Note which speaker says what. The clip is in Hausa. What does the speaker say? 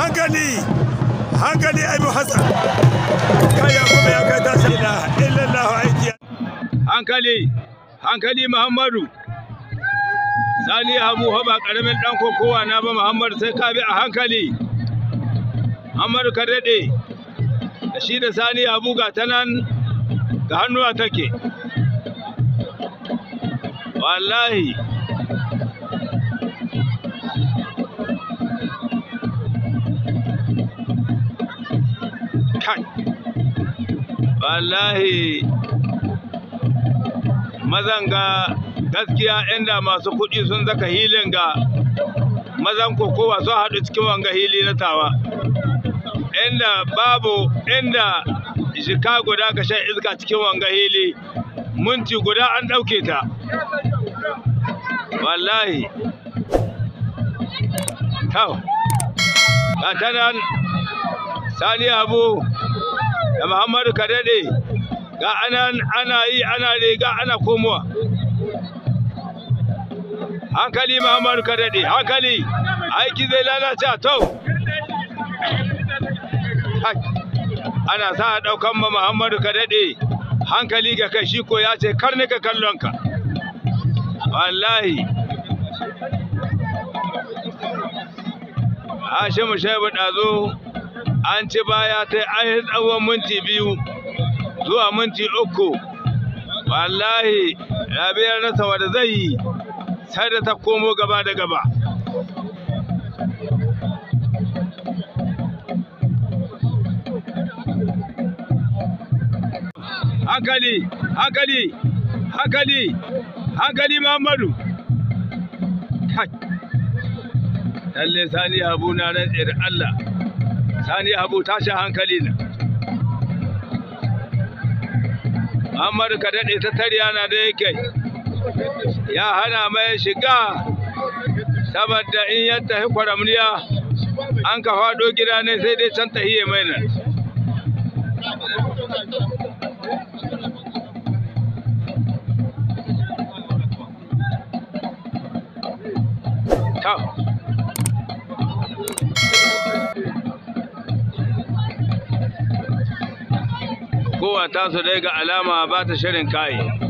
Speaker 1: hankali hankali Aibu hassan kaya kuma ya kai tashi na illallahu aiki hankali hankali muhammadu sani habu ba karamin dan kokowa na ba muhammadu sai ka bi a hankali muhammadu ka daɗe da shi da sani habu ga ta nan ga hannuwa take wallahi wallahi mazan ga gaskiya inda masu kuɗi sun zaka hilin ga mazan kokowa sun haɗu cikin wanga hili na tawa inda babu inda jika guda ka shan iska cikin wanga hili minti guda an ɗauke ta wallahi ta nan sani abu da Muhammadu Kadade ga ana ana yi ana riga ana komowa hankali Muhammadu Kadade hankali aiki zai lalace to ana sa daukan ma Muhammadu Kadade hankali ga kai shi ko ya ce karni ka kallonka wallahi Hashimu Shaibu Dazo an ci baya ta ainihin tsawon minti biyu zuwa minti uku wallahi rabiyar nasa wadda zai yi sai da ta komo gaba da gaba hankali hankali hankali hankali muhammadu lalle sani abu na nan da Allah sani abu tashi hankali ne Muhammadu ka daɗe ta tarya na da yake ya hana mai shiga saboda in ya tafi kwaramniya an ka faɗo gida ne sai dai can tahiye mai nan kowa ta dai ga alama ba ta shirin kai?